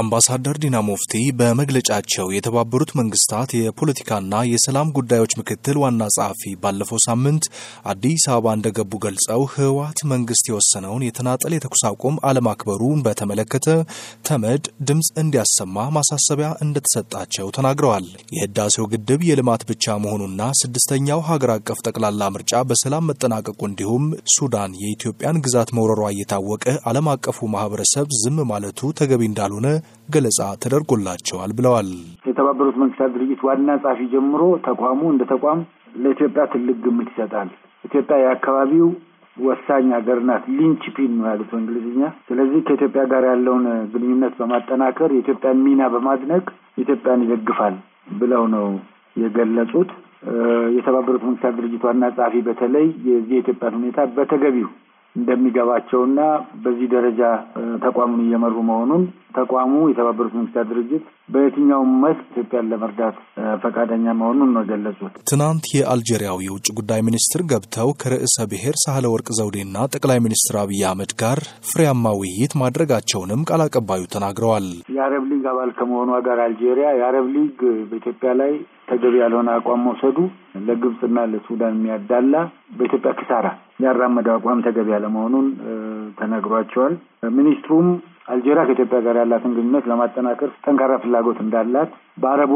አምባሳደር ዲና ሙፍቲ በመግለጫቸው የተባበሩት መንግስታት የፖለቲካና የሰላም ጉዳዮች ምክትል ዋና ጸሐፊ ባለፈው ሳምንት አዲስ አበባ እንደገቡ ገልጸው ህወሓት መንግስት የወሰነውን የተናጠል የተኩስ አቁም አለማክበሩን በተመለከተ ተመድ ድምፅ እንዲያሰማ ማሳሰቢያ እንደተሰጣቸው ተናግረዋል። የህዳሴው ግድብ የልማት ብቻ መሆኑና ስድስተኛው ሀገር አቀፍ ጠቅላላ ምርጫ በሰላም መጠናቀቁ እንዲሁም ሱዳን የኢትዮጵያን ግዛት መውረሯ እየታወቀ ዓለም አቀፉ ማህበረሰብ ዝም ማለቱ ተገቢ እንዳልሆነ ገለጻ ተደርጎላቸዋል ብለዋል። የተባበሩት መንግስታት ድርጅት ዋና ጸሐፊ ጀምሮ ተቋሙ እንደ ተቋም ለኢትዮጵያ ትልቅ ግምት ይሰጣል። ኢትዮጵያ የአካባቢው ወሳኝ ሀገር ናት። ሊንችፒን ነው ያሉት በእንግሊዝኛ። ስለዚህ ከኢትዮጵያ ጋር ያለውን ግንኙነት በማጠናከር የኢትዮጵያ ሚና በማድነቅ ኢትዮጵያን ይደግፋል ብለው ነው የገለጹት። የተባበሩት መንግስታት ድርጅት ዋና ጸሐፊ በተለይ የዚህ የኢትዮጵያን ሁኔታ በተገቢው እንደሚገባቸውና በዚህ ደረጃ ተቋሙን እየመሩ መሆኑን ተቋሙ የተባበሩት መንግስታት ድርጅት በየትኛውም መስክ ኢትዮጵያን ለመርዳት ፈቃደኛ መሆኑን ነው ገለጹት። ትናንት የአልጄሪያው የውጭ ጉዳይ ሚኒስትር ገብተው ከርዕሰ ብሔር ሳህለ ወርቅ ዘውዴና ጠቅላይ ሚኒስትር አብይ አህመድ ጋር ፍሬያማ ውይይት ማድረጋቸውንም ቃል አቀባዩ ተናግረዋል። የአረብ ሊግ አባል ከመሆኗ ጋር አልጄሪያ የአረብ ሊግ በኢትዮጵያ ላይ ተገቢ ያልሆነ አቋም መውሰዱ ለግብፅና ለሱዳን የሚያዳላ በኢትዮጵያ ኪሳራ ያራመደው አቋም ተገቢ ያለመሆኑን ተነግሯቸዋል። ሚኒስትሩም አልጄሪያ ከኢትዮጵያ ጋር ያላትን ግንኙነት ለማጠናከር ጠንካራ ፍላጎት እንዳላት በአረቦ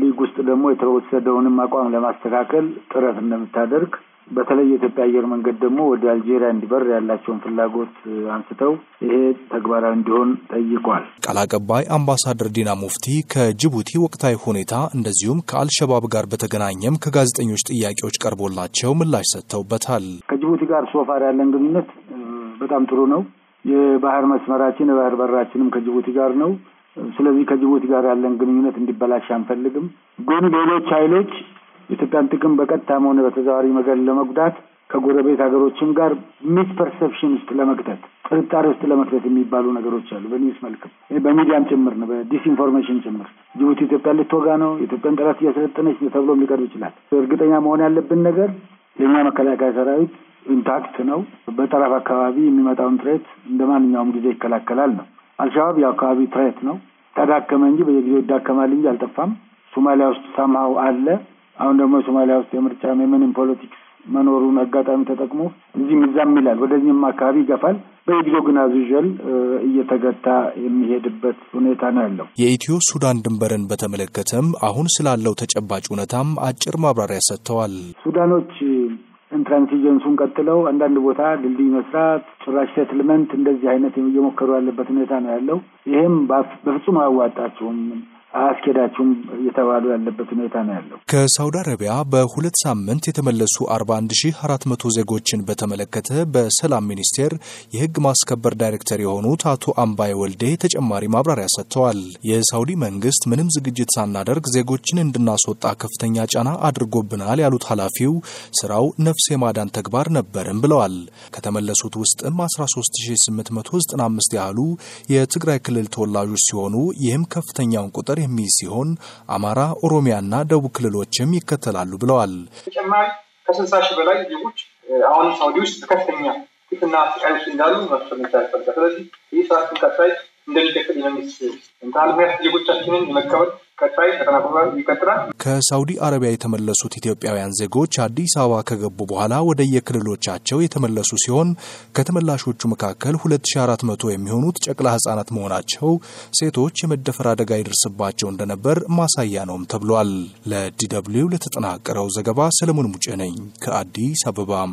ሊግ ውስጥ ደግሞ የተወሰደውንም አቋም ለማስተካከል ጥረት እንደምታደርግ በተለይ የኢትዮጵያ አየር መንገድ ደግሞ ወደ አልጄሪያ እንዲበር ያላቸውን ፍላጎት አንስተው ይሄ ተግባራዊ እንዲሆን ጠይቋል። ቃል አቀባይ አምባሳደር ዲና ሙፍቲ ከጅቡቲ ወቅታዊ ሁኔታ እንደዚሁም ከአልሸባብ ጋር በተገናኘም ከጋዜጠኞች ጥያቄዎች ቀርቦላቸው ምላሽ ሰጥተውበታል። ከጅቡቲ ጋር ሶፋር ያለን ግንኙነት በጣም ጥሩ ነው። የባህር መስመራችን የባህር በራችንም ከጅቡቲ ጋር ነው። ስለዚህ ከጅቡቲ ጋር ያለን ግንኙነት እንዲበላሽ አንፈልግም። ግን ሌሎች ኃይሎች የኢትዮጵያን ጥቅም በቀጥታም ሆነ በተዘዋዋሪ መገድ ለመጉዳት ከጎረቤት ሀገሮችም ጋር ሚስ ፐርሰፕሽን ውስጥ ለመክተት ጥርጣሬ ውስጥ ለመክተት የሚባሉ ነገሮች አሉ። በኒውስ መልክም በሚዲያም ጭምር ነው፣ በዲስኢንፎርሜሽን ጭምር ጅቡቲ ኢትዮጵያ ልትወጋ ነው፣ ኢትዮጵያን ጠላት እያሰለጠነች ተብሎም ሊቀርብ ይችላል። እርግጠኛ መሆን ያለብን ነገር የእኛ መከላከያ ሰራዊት ኢንታክት ነው። በጠረፍ አካባቢ የሚመጣውን ትሬት እንደ ማንኛውም ጊዜ ይከላከላል ነው። አልሸባብ የአካባቢ ትሬት ነው። ተዳከመ እንጂ በየጊዜው ይዳከማል እንጂ አልጠፋም። ሶማሊያ ውስጥ ሰማው አለ። አሁን ደግሞ የሶማሊያ ውስጥ የምርጫ የምንም ፖለቲክስ መኖሩን አጋጣሚ ተጠቅሞ እዚህም እዛም ይላል፣ ወደዚህም አካባቢ ይገፋል። በኢትዮ ግናዙዥል እየተገታ የሚሄድበት ሁኔታ ነው ያለው። የኢትዮ ሱዳን ድንበርን በተመለከተም አሁን ስላለው ተጨባጭ እውነታም አጭር ማብራሪያ ሰጥተዋል። ሱዳኖች ኢንትራንሲጀንሱን ቀጥለው አንዳንድ ቦታ ድልድይ መስራት፣ ጭራሽ ሴትልመንት እንደዚህ አይነት እየሞከሩ ያለበት ሁኔታ ነው ያለው። ይህም በፍጹም አያዋጣቸውም አስኬዳችሁም እየተባሉ ያለበት ሁኔታ ነው ያለው። ከሳውዲ አረቢያ በሁለት ሳምንት የተመለሱ 41400 ዜጎችን በተመለከተ በሰላም ሚኒስቴር የህግ ማስከበር ዳይሬክተር የሆኑት አቶ አምባይ ወልዴ ተጨማሪ ማብራሪያ ሰጥተዋል። የሳውዲ መንግስት ምንም ዝግጅት ሳናደርግ ዜጎችን እንድናስወጣ ከፍተኛ ጫና አድርጎብናል ያሉት ኃላፊው ስራው ነፍስ የማዳን ተግባር ነበርም ብለዋል። ከተመለሱት ውስጥም 13895 ያህሉ የትግራይ ክልል ተወላጆች ሲሆኑ ይህም ከፍተኛውን ቁጥር የሚይዝ ሲሆን አማራ፣ ኦሮሚያና ደቡብ ክልሎችም ይከተላሉ ብለዋል። ተጨማሪ ከስልሳ ሺህ በላይ ዜጎች አሁን ሳውዲ ውስጥ ከፍተኛ ፊትና ስቃዮች እንዳሉ ማስፈመቻ ያስፈልጋል። ስለዚህ ይህ ስራ ቀጣይ እንደሚቀጥል ዜጎቻችንን የመቀበል ቀጣይ ተጠናክሮ ይቀጥላል። ከሳውዲ አረቢያ የተመለሱት ኢትዮጵያውያን ዜጎች አዲስ አበባ ከገቡ በኋላ ወደ የክልሎቻቸው የተመለሱ ሲሆን ከተመላሾቹ መካከል 2400 የሚሆኑት ጨቅላ ህጻናት መሆናቸው ሴቶች የመደፈር አደጋ ይደርስባቸው እንደነበር ማሳያ ነውም ተብሏል። ለዲ ለተጠናቀረው ዘገባ ሰለሞን ሙጬ ነኝ ከአዲስ አበባ።